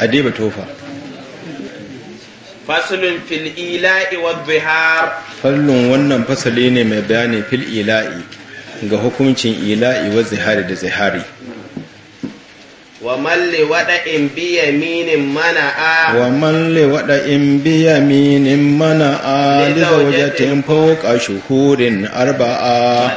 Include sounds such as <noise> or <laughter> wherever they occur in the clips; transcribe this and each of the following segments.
a deba tofa fasulun fil ila'i wa bihar fallon wannan fasali ne mai bayani fil ila'i ga hukuncin ila'i wa zihari da zihari wa malle wada in biya minin mana a wa malle wada in biya minin mana a liza wajatin fauka shuhurin arba'a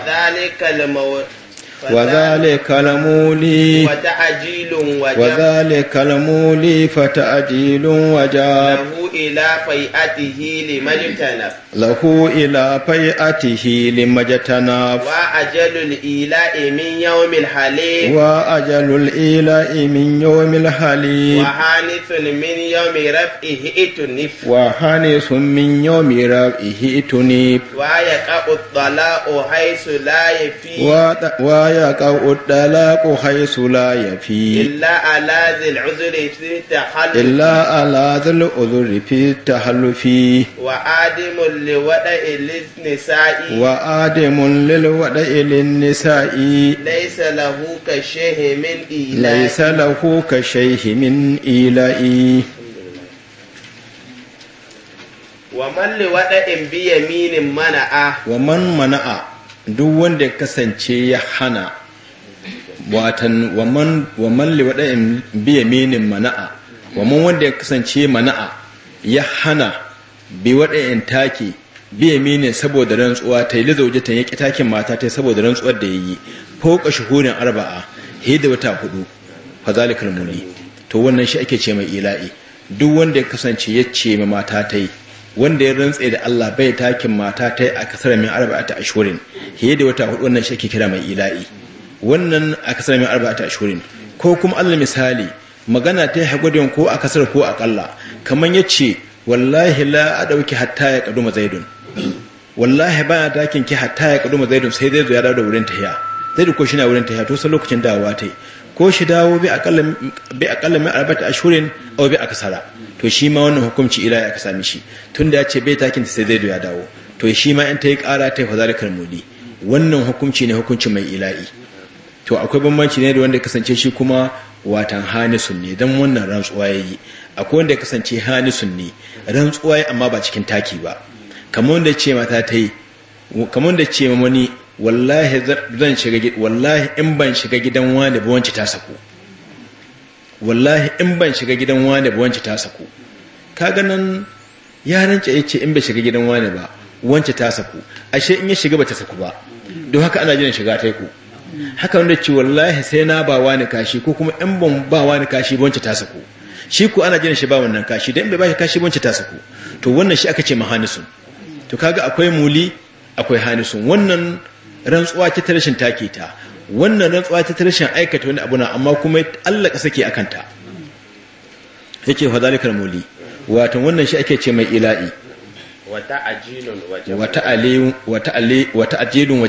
وذلك لمولي وتعجيل وجاب وذلك لمولي فتعجيل وجاب له إلى فيئته لما اجتنب له إلى فيئته لما اجتنب وأجل الإيلاء من يوم الحليم وأجل الإيلاء من يوم الحليم وحانث من يوم رفعه اتنف وحانث من يوم رفعه اتنف ويقع الضلاء حيث لا يفي yaƙa'u ɗalaƙu haisu la ya fi illa alazil uzuri fi ta halufi wa adimun liwaɗa ilin nisa'i laisa lahu ka shehe min ila'i wa man liwaɗa in biya minin mana'a duk wanda ya kasance ya hana watan waman liwaɗa'in biya menin mana'a waman wanda ya kasance mana'a ya hana bi waɗa'in take biya menin saboda rantsuwa ta yi lizaujatan ya ƙi takin mata ta saboda rantsuwar da ya yi fauka shuhurin arba'a hida wata hudu fazalikal muni to wannan shi ake ce mai ila'i duk wanda ya kasance ya ce ma mata ta yi wanda ya rantse da Allah bai takin mata ta a kasar min ta ashhurin hiye da wata hudu wannan shi ake kira mai ila'i wannan a kasar min ta ashhurin ko kuma Allah misali magana ta hagudin ko a kasar ko a kalla kaman yace wallahi la dauki hatta ya kaduma zaidun wallahi baya takin ki hatta ya kaduma zaidun sai zai zo ya dawo da wurin tahiya zai ko shi na wurin tahiya to sai lokacin dawowa ta ko shi dawo bi akalla mai albata a shirin a aw a kasara, to shi ma wannan hukumci ila ya mishi shi tunda ya ce bai takin sai zai ya dawo to shi ma in ta yi kara ta yi fazalikar muli wannan hukumci ne hukunci mai ila'i to akwai bambanci ne da wanda kasance shi kuma watan hanisun ne don wannan rantsuwa ya yi akwai wanda ya kasance hanisun ne rantsuwa ya amma ba cikin taki ba kamar wanda ce mata ta yi kamar wanda ce wani wallahi zan shiga wallahi in ban shiga gidan wani ba wancan ta sako wallahi in ban shiga gidan wani ba wancan ta sako kaga nan yaran ce yace in ba shiga gidan wani ba wancan ta sako ashe in ya shiga ba ta sako ba don haka ana jin shiga taiku ku haka wanda ce wallahi sai na ba wani kashi ko kuma in ban ba wani kashi ba wancan ta sako shi ku ana jin shi ba wannan kashi dan bai ba shi kashi ba wancan ta sako to wannan shi aka ce mahanisun to kaga akwai muli akwai hanisun wannan rantsuwa ce ta rashin take ta wannan rantsuwa ce ta rashin aikata wani abu na amma kuma Allah ka sake akan ta yake fa zalikal muli wato wannan shi ake ce mai ila'i wata ajilun wajaba wata ali wata ajilun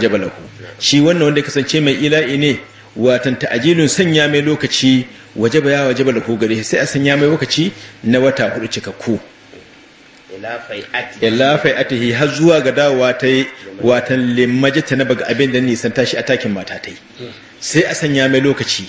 shi wannan wanda kasance mai ila'i ne watan ajilun sanya mai lokaci wajaba ya wajaba lahu gare sai a sanya mai lokaci na wata hudu cikakku illa fai'atihi har zuwa ga dawowa ta yi watan ta na ga abin da nisan tashi a takin mata ta yi sai a sanya mai lokaci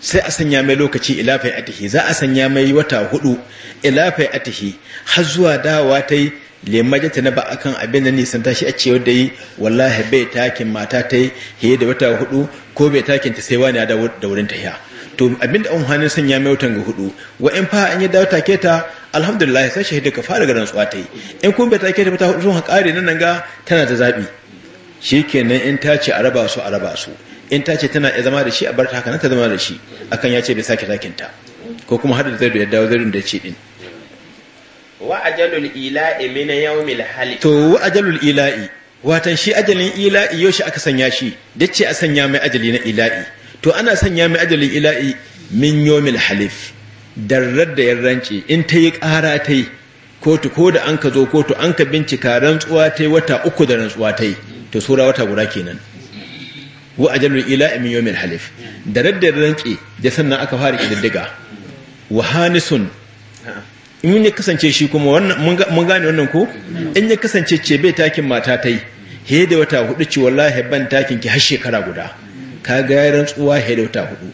sai a sanya mai lokaci ila fai'atihi za a sanya mai wata hudu ila fai'atihi har zuwa dawowa ta yi limajita na ba akan abin da nisan tashi a cewar da yi wallahi bai takin mata ta yi hiye da wata hudu ko bai takin ta sai wani da wurin tahiya to abin da an hannun sanya mai wutan ga hudu wa'in fa an yi dawata take ta alhamdulillah sai shahida ka fara garin tsuwa ta yi in kun bai ta ke ta zuwa kare nan nan ga tana ta zabi shikenan in ta ce a raba su a raba su in ta ce tana zama da shi a bar ta haka nan ta zama da shi akan ya ce bai sake takin ta ko kuma hada da zai ya dawo zai da ce din wa ajalul ila'i min yawmil hali to wa ajalul ila'i watan shi ajalin ila'i yau shi aka sanya shi dace a sanya mai ajali na ila'i to ana sanya mai ajalin ila'i min yawmil halif darrar da yan rance in ta yi ƙara ta yi kotu ko da an ka zo kotu an ka bincika rantsuwa ta yi wata uku da rantsuwa ta yi to sura wata guda kenan wa ajalul ila min yawmil halif da raddar rantsi da sannan aka fara kididdiga wa hanisun in ya kasance shi kuma mun gane wannan ko in ya kasance ce bai takin mata ta yi he da wata hudu ci wallahi ban takin ki har shekara guda ka ga rantsuwa he da wata hudu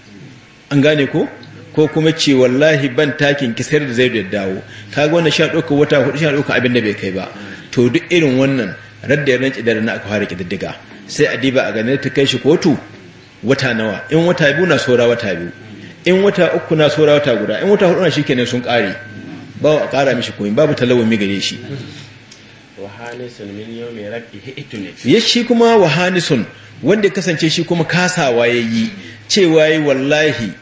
an gane ko ko kuma ce wallahi ban takin kisar da zai da dawo ka gwanda sha ɗauka wata hudu sha ɗauka abin da bai kai ba to duk irin wannan radda yaran ki da na aka fara kididdiga sai a diba a ganin ta kai shi kotu wata nawa in wata biyu na saura wata biyu in wata uku na saura wata guda in wata hudu na shi kenan sun kare ba a kara mishi komai babu mi gare shi ya shi kuma wahanisun wanda kasance shi kuma kasawa ya yi cewa yi wallahi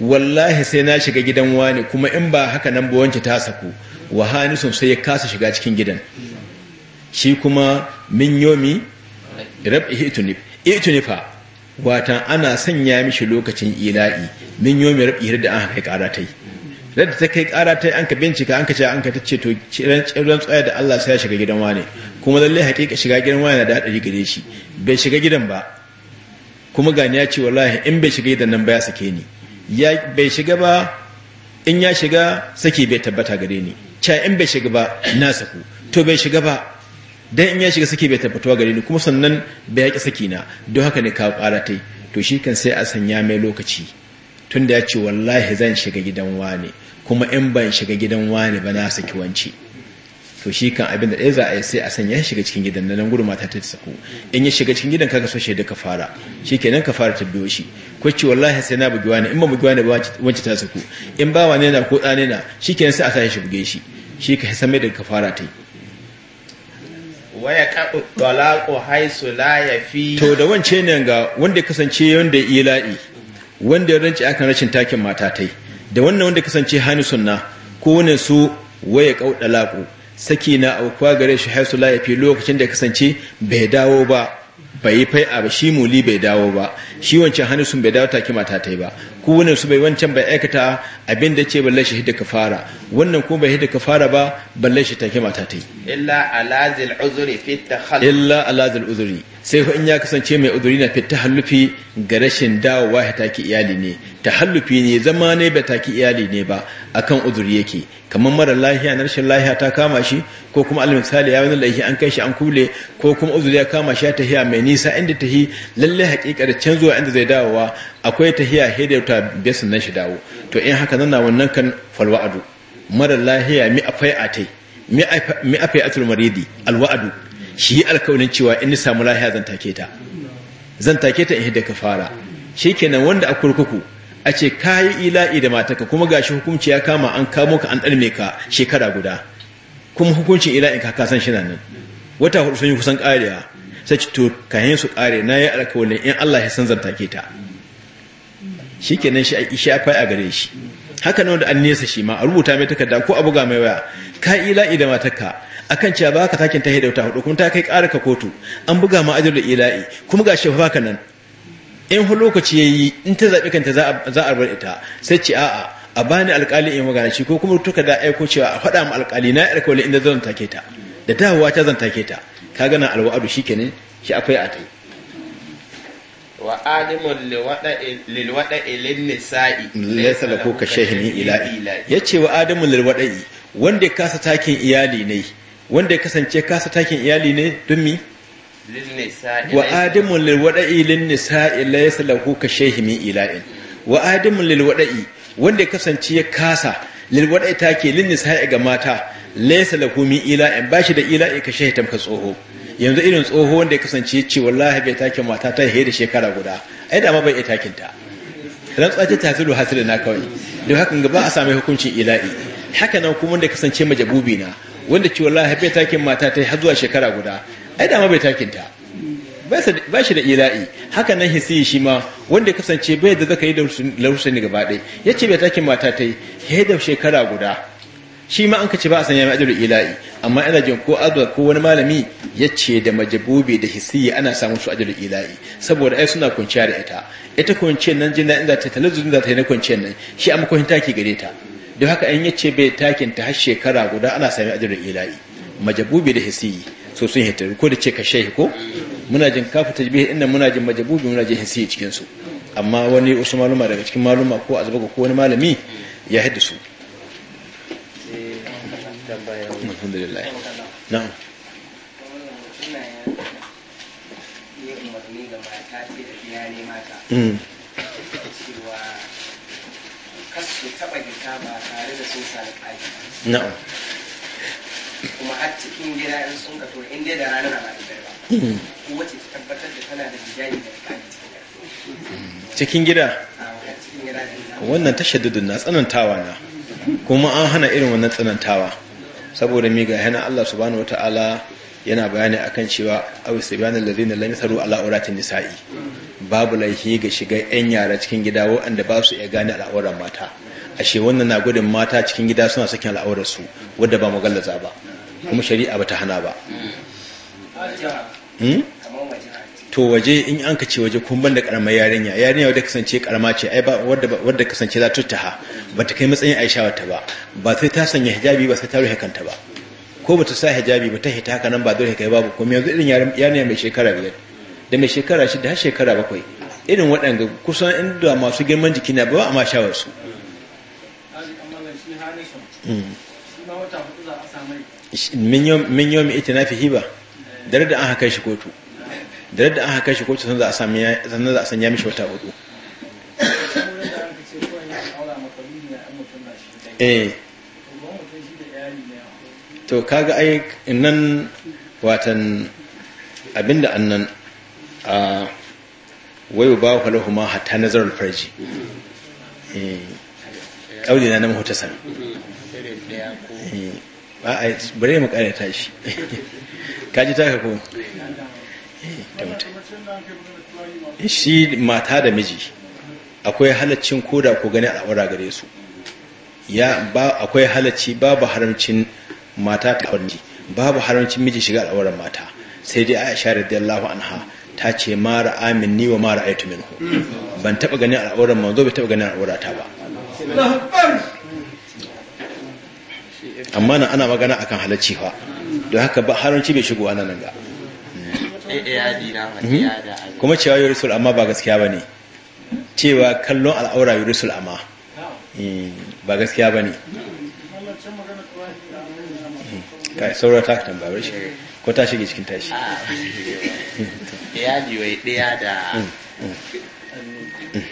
wallahi sai na shiga gidan wani kuma in ba haka nan ba wanke ta saku wa sai ya kasa shiga cikin gidan shi kuma min yomi rab itunif itunifa watan ana sanya mishi lokacin ila'i min yomi rab ihir da an kai kara tai da ta kai kara tai an ka bincika an ka ce an ka tace to ran tsaya da Allah sai ya shiga gidan wani kuma lalle hakika shiga gidan wani da hadari gare shi bai shiga gidan ba kuma gani ya ce wallahi in bai shiga gidan nan ba ya sake ni ya bai shiga ba in ya shiga saki bai tabbata gare ni cha in bai shiga ba na saku to bai shiga ba dan in ya shiga saki bai tabbatuwa gare ni kuma sannan bai yaki saki na don haka ne kara karatai to shi kan sai a sanya mai lokaci tunda ya ce wallahi zan shiga gidan wane kuma in ban shiga gidan wane ba na saki wance to shi kan abin da ɗaya za a yi sai a sanya shiga cikin gidan nan gudu mata ta tsaku in ya shiga cikin gidan kaga so shaida ka fara shi nan ka fara tabbiyo shi ko ce wallahi sai na bugi wani in ba bugi wani ba wance ta tsaku in ba wani na ko ɗani na shi kenan sai a sa shi buge shi shi ka san mai da ka fara ta yi waya kaɗu ɗalaƙo haisu la ya fi to da wance ne ga wanda ya kasance wanda ya yi la'i wanda ya rance akan rashin takin mata ta yi da wannan wanda ya kasance hannu sunna ko wani su waya kaɗu ɗalaƙo saki na aukuwa gare shi haisu la yafi lokacin da ya kasance bai dawo ba bai yi fai'a ba shi muli bai dawo ba shi wancan hannu sun bai dawo ta kima ta taiba ba ku wani su bai wancan bai aikata abin da ce balle shi hidda fara wannan ko bai hidda fara ba balle shi ta kima ta yi illa alazil uzuri illa uzuri sai in ya kasance mai uzuri na fi tahallufi ga rashin dawowa ya ki iyali ne tahallufi ne zama ne ta ki iyali ne ba akan uzuri yake kamar mara lahiya na rashin lahiya ta kama shi ko kuma almisali ya wani laifi an kai shi an kule ko kuma uzuri ya kama shi ya tahiya mai nisa inda ta tahi lalle hakika da canzuwa inda zai dawowa akwai tahiya hidda ta biyasin nan shi dawo to in haka nan wannan kan falwa'adu mara lahiya mi afai atai mi afai atul maridi alwa'adu shi alkawarin cewa in ni samu lahiya zan take ta zan take ta in hidda kafara shikenan wanda a kurkuku a ce yi ila'i da mataka kuma ga shi hukunci ya kama an kamo ka an ɗalme ka shekara guda kuma hukuncin ila'in ka kasan shi nan wata hudu sun yi kusan ƙarewa sai ci to kayan su ƙare na yi alkawalin in Allah ya san zarta ke ta shi nan shi a fai a gare shi haka nan da an nesa shi ma a rubuta mai takarda ko a buga mai waya ka ila'i da matarka akan cewa ba ka takin ta hidauta hudu kuma ta kai ƙara ka kotu an buga ma ajiyar da ila'i kuma ga shi ba ka nan in hu lokaci ya yi in ta zaɓi kanta za a bar ita sai ce a'a a bani alƙali in magana shi ko kuma tuka da aiko cewa a faɗa ma alƙali na yarka wani inda zan take ta da dawowa ta zan take ta ka gana alwa'adu shi kenan shi akwai a ta yi wa alimun lilwada'i nisa'i laysa lahu ka shahini ila'i yace wa adamun wada'i wanda ya kasa takin iyali ne wanda ya kasance kasa takin iyali ne don mi wa adamu lil wada'i lin nisa'i laysa lahu ka shayhi min ila'in wa adamu lil wanda ya kasance ya kasa lil wada'i take lin nisa'i ga mata laysa lahu min ila'in bashi da ila'i ka shayhi tamka tsoho yanzu irin tsoho wanda ya kasance ya ce wallahi bai take mata ta da shekara guda ai da ma bai takin ta ran tsaje ta zuru hasira na kawai don hakan gaba a sami hukuncin ila'i haka nan kuma wanda ya kasance majabubi na wanda ce wallahi bai takin mata ta har zuwa shekara guda ai dama bai takinta ba shi da ila'i haka nan hisi shi ma wanda ya kasance bai da zaka yi da lausani gaba ɗaya ya ce bai takin mata ta yi ya da shekara guda shi ma an ka ce ba a sanya mai ajiyar ila'i amma ina jin ko azwa ko wani malami ya ce da majabobi da hisi ana samun su ajiyar ila'i saboda ai suna kwanciya da ita ita kwanciyar nan jin inda ta talazuzin za ta yi na kwanciyar nan shi amma kwanciyar taki gare ta don haka yan yace bai takin ta har shekara guda ana sami ajiyar ila'i majabubi da hisi so sun hita ko da ce ka shehi ko muna jin kafu tajbihi inda muna jin majabubi muna jin hinsi cikin su amma wani wasu maluma daga cikin maluma ko azbaga ko wani malami ya hidda su alhamdulillah na'am Mm. cikin gida in sun ka ta tabbatar wannan na tsanantawa na kuma an hana irin wannan tsanantawa saboda mi ga hana Allah subhanahu wataala yana bayani akan cewa abu zai na lamisaru ala auratin nisa'i babu laifi ga shiga yan yara cikin gida waɗanda ba su iya gane al'auran mata ashe wannan na gudun mata cikin gida suna sakin al'aurarsu wadda ba mu gallaza ba kuma shari'a ba ta hana ba hmm? to waje in an ka ce waje kun banda karamar yarinya yarinya wadda kasance karama ce ai ba wadda kasance za ta taha ba ta kai matsayin aisha wata ba ba sai ta sanya hijabi ba sai ta ruhe kanta ba ko ba ta sa hijabi ba ta hita haka nan ba dole kai babu kuma yanzu irin yarinya mai shekara biyar da mai shekara shida har shekara bakwai irin waɗanda kusan inda masu girman jiki na ba amma shawar su. Hmm. a min yomi fi ba da rada an haka shi kotu da rada an haka shi kotu sannan za a sanya mishi wata hudu eh to kaga ai nan watan abinda annan a wayo ba ku lahu ma hatta nazarul farji eh kaudi na na muhtasan eh. a bare mu kare ta shi kaji taka ko eh, eh, shi mata da miji akwai halaccin koda ko gani a wura gare su ya ba akwai halacci babu haramcin mata ta aure babu haramcin miji shiga al'auran mata sai dai Aisha radiyallahu anha ta ce mara amin ni wa mara aitu minhu ban taba ganin al'auran manzo bai taba ganin al'aurata ba amma nan ana magana akan halacci fa don haka ba haranci bai shigo ana nan ga mhm. kuma cewa yi rusul amma ba gaskiya ba ne cewa kallon al'aura yi rusul amma eh, ba gaskiya eh, ba ne kai saura ta kan babar shi eh. ko ta shige cikin tashi ah. ya jiwai daya da mm, mm. Mm.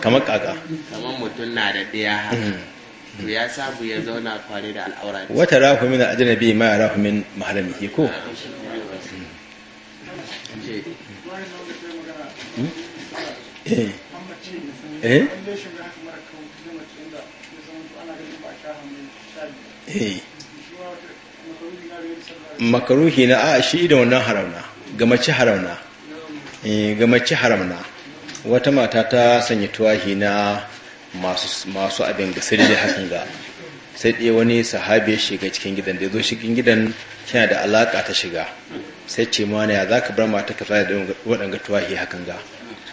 kamar kaka kamar mutum na da daya haka to ya a ya zauna kware da al'aura wata rahu min ajnabi ma min ko ah, hmm. Hmm? Eh? Eh? eh makaruhi na a ah, shi da wannan haramna ga mace haramna eh, ga mace haramna wata mata ta sanya tuwahi na masu abin ga sai hakan ga sai ɗaya wani sahabi ya shiga cikin gidan da ya zo cikin gidan kina da alaka ta shiga sai ce mana ya za ka bar mata ka zai da waɗanga tuwahi hakan ga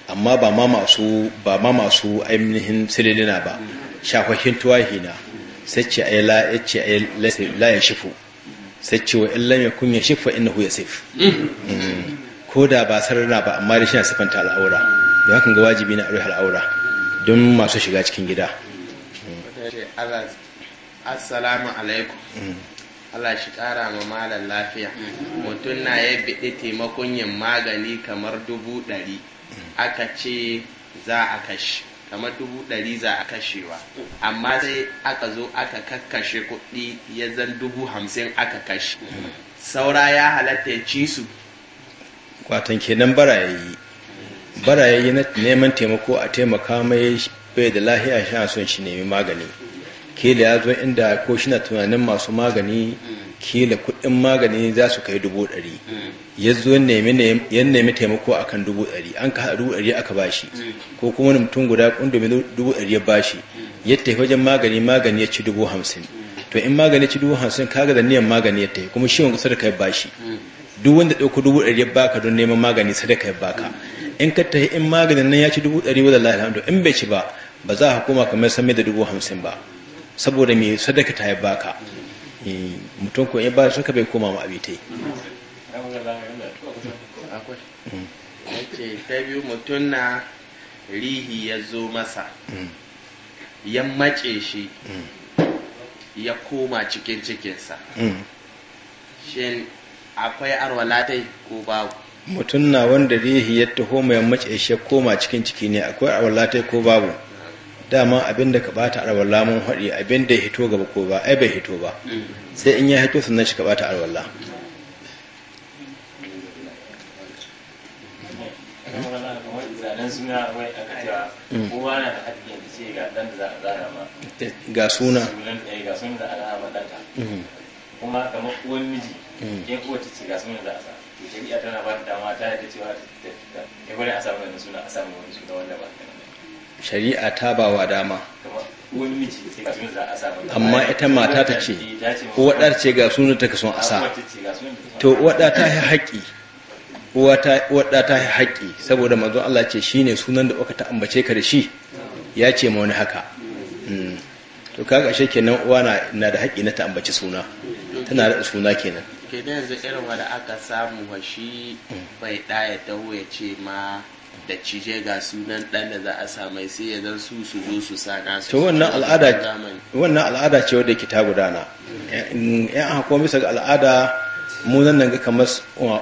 amma ba ma masu ba ma masu ainihin sililina ba shafahin tuwahi na sai ce ai la ya ce ai la ya shifu sai ce wa illam yakun ya shifu innahu yasif mm. ko da ba sarrana ba amma da shi na sifanta al'aura da hakan ga wajibi na aure al'aura don masu shiga cikin gida assalamu alaikum mm. Allah shi ƙara ma malar lafiya mutum na ya biɗi taimakon yin magani kamar dubu ɗari aka ce za a kashe kamar dubu ɗari za a kashewa amma sai aka zo aka kakkashe kuɗi ya zan dubu hamsin aka kashe mm. saura ya halatta ya ci su Kwatan kenan bara ya yi bara ya yi neman taimako a taimaka mai bai da lahiya shi a son shi nemi magani kila ya zo inda ko shi na tunanin masu magani kila kuɗin magani za su kai dubu ɗari ya zo ya nemi taimako a kan dubu ɗari an ka dubu ɗari aka bashi ko kuma wani mutum guda kundumin dubu ɗari ya bashi ya tafi wajen magani magani ya ci dubu hamsin to in magani ci dubu hamsin kaga da niyan magani ya tafi kuma shi wani kusa da kai bashi duk wanda ɗauko dubu ɗari ya baka don neman magani sadaka ya baka in ka tafi in maganin nan ya ci dubu ɗari wadda Allah alhamdu in bai ci ba ba za a koma kamar sami da dubu hamsin ba saboda mai sadaka ta ya baka eh, mutum ko ya ba suka bai koma ma abitai ta biyu mutum na rihi ya zo masa mm. ya mace shi mm. ya koma cikin cikinsa mm. shin akwai arwalatai ko babu mutum na wanda rihi ya taho mai mace shi koma cikin ciki ne akwai arwalatai ko babu dama abin da ka bata arwala mun haɗi abin da ya hito gaba ko ba ai bai hito ba mm. sai in ya hito sannan shi ka bata arwala mm. ga suna mm. kuma kamar uwan miji in mm. ta ce ga sunan za a sa to shari'a tana ba da dama ta yadda cewa ta a samu wani suna a samu wani suna wanda ba shari'a ta ba wa dama amma ita mata ta ce waɗar ce ga sunan ta son asa to waɗa ta yi haƙi waɗa ta yi haƙi saboda mazu Allah ce shi ne sunan da uka ta ambace ka da shi ya ce ma wani haka mm. to kaga ashe kenan uwa na da haƙi na ta ambaci suna tana da suna kenan ke da yanzu irin wanda aka samu wa shi bai ɗaya dawo ya ce ma da cije ga sunan ɗan da za a samu sai ya zan su su zo su sa su. to wannan al'ada wannan al'ada ce wadda ke ta gudana in an hako bisa al'ada mu nan ga kamar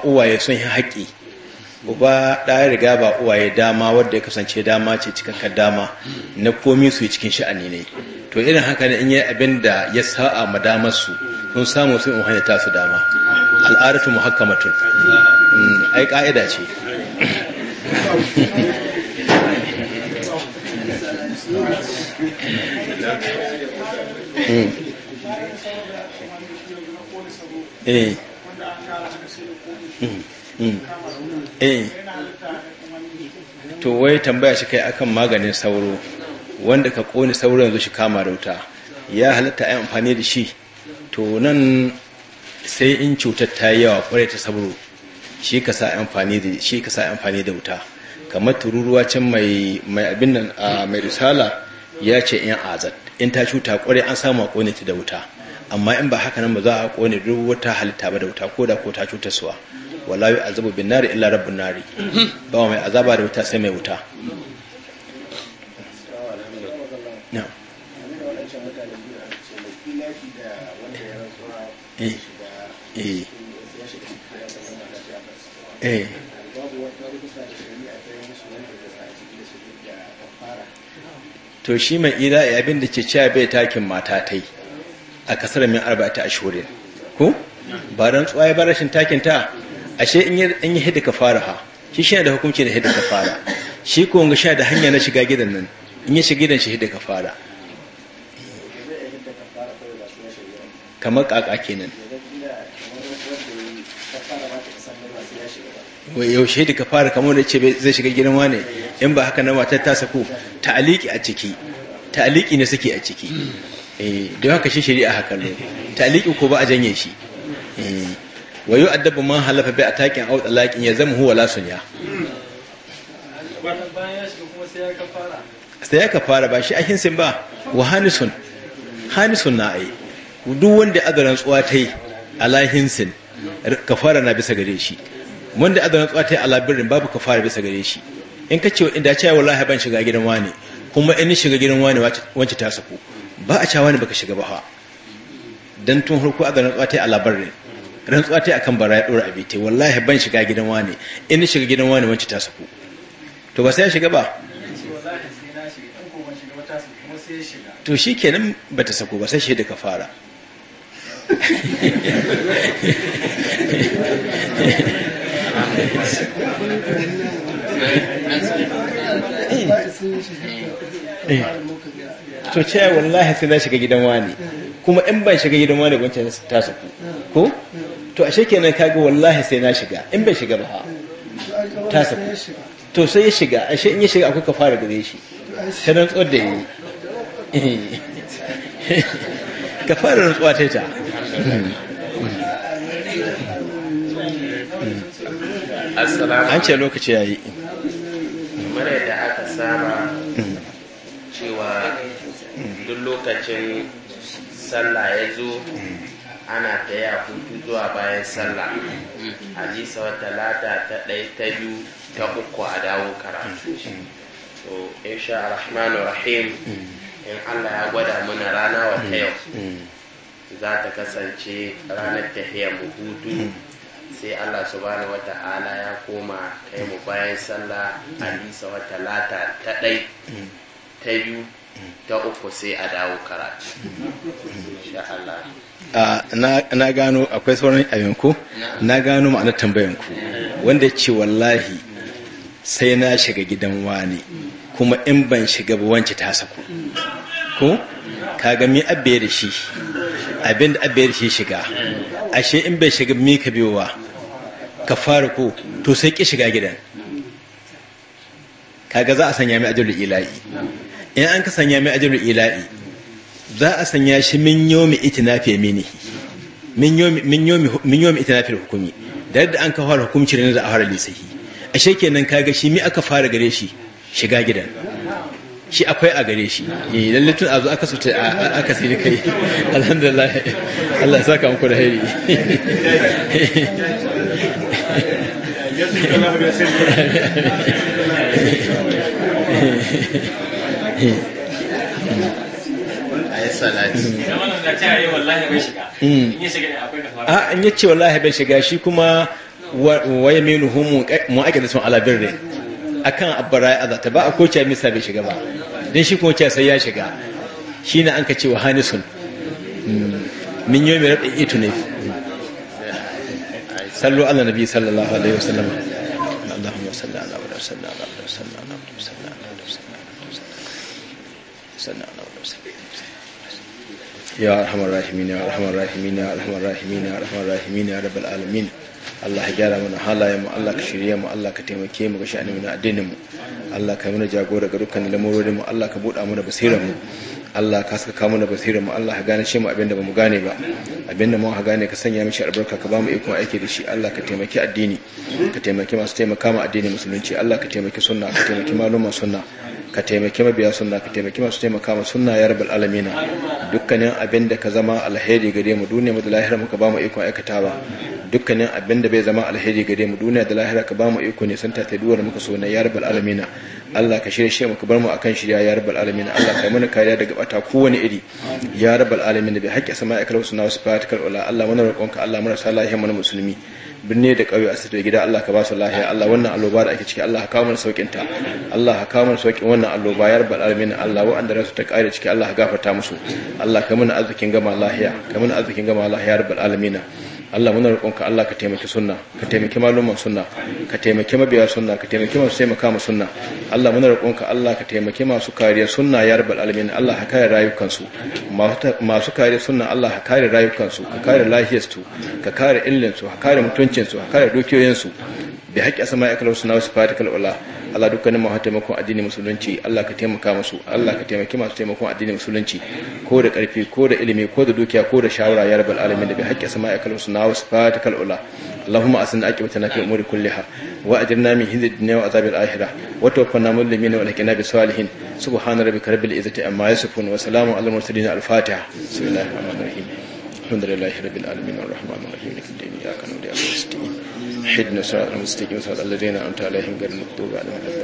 uwaye sun yi haƙi uba ɗaya riga ba uwaye dama wadda ya kasance dama ce cikakkar dama na komi su yi cikin sha'ani ne to irin haka ne in yi abin da ya sa'a ma damar su Kun samu sun in hanyar tasu dama al'adatu mutum. Mm, ai ka'ida ce mm. Eh. Mm, eh. to wai tambaya shi kai akan maganin sauro wanda ka ƙone sauro yanzu shi kama da wuta ya halatta ai amfani da shi to nan sai in cutar ta yi yawa kwarai ta sabro shi ka sa amfani da shi ka sa amfani da wuta kamar tururuwa can mai abin nan a mai risala ya ce in azat in ta cuta kwarai an samu a kone ta da wuta amma in ba haka nan ba za a kone duk wata halitta ba da wuta ko da ko ta cuta suwa wallahi azabu bin nari illa rabbun nari mhm. ba mai azaba da wuta sai mai wuta Eh, eh. Eh. to shi mai ira abin da ke cewa bai takin mata ta yi a kasar min arba'ata ashhurin ko ba don tsuwaye ya barashin takin ta ashe in yi in ka fara ha shi shi da hukunci da hidda fara shi ko ga sha da hanya na shiga gidan nan in ya shiga gidan shi hidda fara. kamar kaka kenan yaushe da ka fara kamar da ce zai shiga girma ne in ba haka na matar ta sako ta'aliki a ciki ta'aliki ne suke a ciki eh, da haka shi shari'a haka ne ta'aliki ko ba a janye shi eh, wayo yi addabu man halafa bai a takin au laƙin ya zama huwa lasunya sai ya ka fara ba shi ahinsin ba wa hannisun hanisun na ai duk wanda aga rantsuwa ta yi a lahinsin ka kafara na bisa gare shi wanda aga rantsuwa ta yi a labirin babu kafara bisa gare shi in ka ce inda cewa wallahi ban shiga gidan wani kuma in shiga gidan wani wacce ta saku ba a cewa ne baka shiga ba dan tun harko aga rantsuwa ta yi a labirin rantsuwa ta yi akan bara ya dora abite wallahi ban shiga gidan wani in shiga gidan wani wacce ta saku to ba sai ya shiga ba to shi kenan ba ta sako ba sai shaida ka fara Eh. to ce wallahi sai na shiga gidan wani kuma in ban shiga gidan wani wancan ta saku ko to ashe kenan kaga wallahi sai na shiga in ban shiga ba ta saku to sai ya shiga ashe in ya shiga akwai ka fara gare shi ta rantsuwar da yi eh. <laughs> ka fara rantsuwa ta ita. an ce lokaci ya yi mara da aka saba mm. cewa duk lokacin sallah ya zo mm. ana ta yi hutu zuwa bayan sallah mm. a ji sau ta ɗai ta biyu ta uku a dawo karatu insha rahmanu rahim in allah ya gwada mana rana wa ta yau za ta kasance ranar tahiyar mu hutu sai Allah wata ala ya koma kai mu bayan sallah alisa wa talata ta ɗai ta biyu ta uku sai a dawo karatu na gano akwai sauran abinku na gano ma'anar tambayanku wanda ce wallahi sai na shiga gidan wani kuma in ban shiga ba wance ta saku ko kaga mi abbe da shi abin da abin shi shiga ashe in bai shiga mi ka biyowa ka fara ko to sai ki shiga gidan kaga za a sanya mai ajalul ila'i in an ka sanya mai ajalul ila'i za a sanya shi min yomi itinafi mini min yomi min yomi itinafi hukumi da yadda an ka fara hukunci ne za a fara lisahi ashe kenan kaga shi mi aka fara gare shi shiga gidan shi akwai a gare shi eh lalle tun zo aka suta aka sai kai <laughs> alhamdulillah Allah ya saka muku da hairi a <laughs> ah, in yace wallahi bai shiga shi kuma wa yaminuhum mu'aqidatun ala birri akan abbara ya azata ba a kocin misa bai shiga ba don shi kocin sai ya shiga shi na an ka cewa min hmm, yi mai raɗin ito ne sallu ala nabi sallallahu alaihi wasallam wa sallam ala wa sallam ala ya arhamar ya arhamar ya arhamar ya arhamar ya rabbal Allah ya gyara mana halayen mu Allah ka shirye mu Allah ka taimake mu ga sha'anin na addinin mu Allah ka mana jagora ga dukkan lamurorin mu Allah ka buɗa mana basirar mu Allah ka saka mu da mu Allah ka gane mu abinda bamu gane ba abinda mu ka gane ka sanya mishi albarka ka bamu iko aiki da shi Allah ka taimake addini ka taimake masu taimaka ma addini musulunci Allah ka taimake sunna ka taimake maluma sunna ka taimake mabiya sunna ka taimake masu taimaka ma sunna ya rabbal alamina dukkanin abinda ka zama alheri gare mu duniya mu da lahira muka ba mu aikata ba. dukkanin abin da bai zama alheri gare mu duniya da lahira ka ba mu iko ne santa ta duwar muka so na ya rabbal alamina Allah ka shirye shi muka bar mu akan shirya ya rabbal alamina Allah ka yi mana kariya daga bata kowane iri ya rabbal alamina bi haqqi sama'ikal husna wa wasfatikal ula Allah mana roƙonka Allah mana sa lahiya mana musulmi binne da ƙauye a sirri gida Allah ka ba su lahiya Allah wannan alloba da ake ciki Allah ka kawo mana saukin ta Allah ka kawo mana saukin wannan alloba ya rabbal alamin Allah wa'anda rasu ta ƙare ciki Allah ka gafarta musu Allah ka mana arzikin gama lahiya ka mana arzikin gama lahiya ya rabbal alamin Allah muna roƙonka Allah ka taimaki sunna ka taimaki malumman sunna ka taimaki mabiya sunna ka taimaki masu taimaka ma sunna Allah muna roƙonka Allah ka taimaki masu kariyar sunna ya rabal alamin Allah ka kare rayukansu masu kariyar sunna Allah ka kare rayukansu ka kare su ka kare su ka kare mutuncinsu ka kare su bi haƙƙi asama ya kalau suna wasu fatikal ula Allah dukkanin taimakon addinin musulunci Allah ka taimaka musu Allah ka taimaki masu taimakon addinin musulunci ko da ƙarfi ko da ilimi ko da dukiya ko da shawara ya rabbal alamin da bi haƙƙi asama ya kalau suna wasu fatikal ula اللهم أسن عاقبتنا في الأمور كلها وأجرنا من هند الدنيا وعذاب الآخرة وتوفنا مسلمين ولكنا بالصالحين سبحان ربك رب العزة عما يصفون وسلام على المرسلين الفاتحة حدنا صراط المستقيم صراط الذين أنعمت عليهم غير المغضوب عليهم ولا الضالين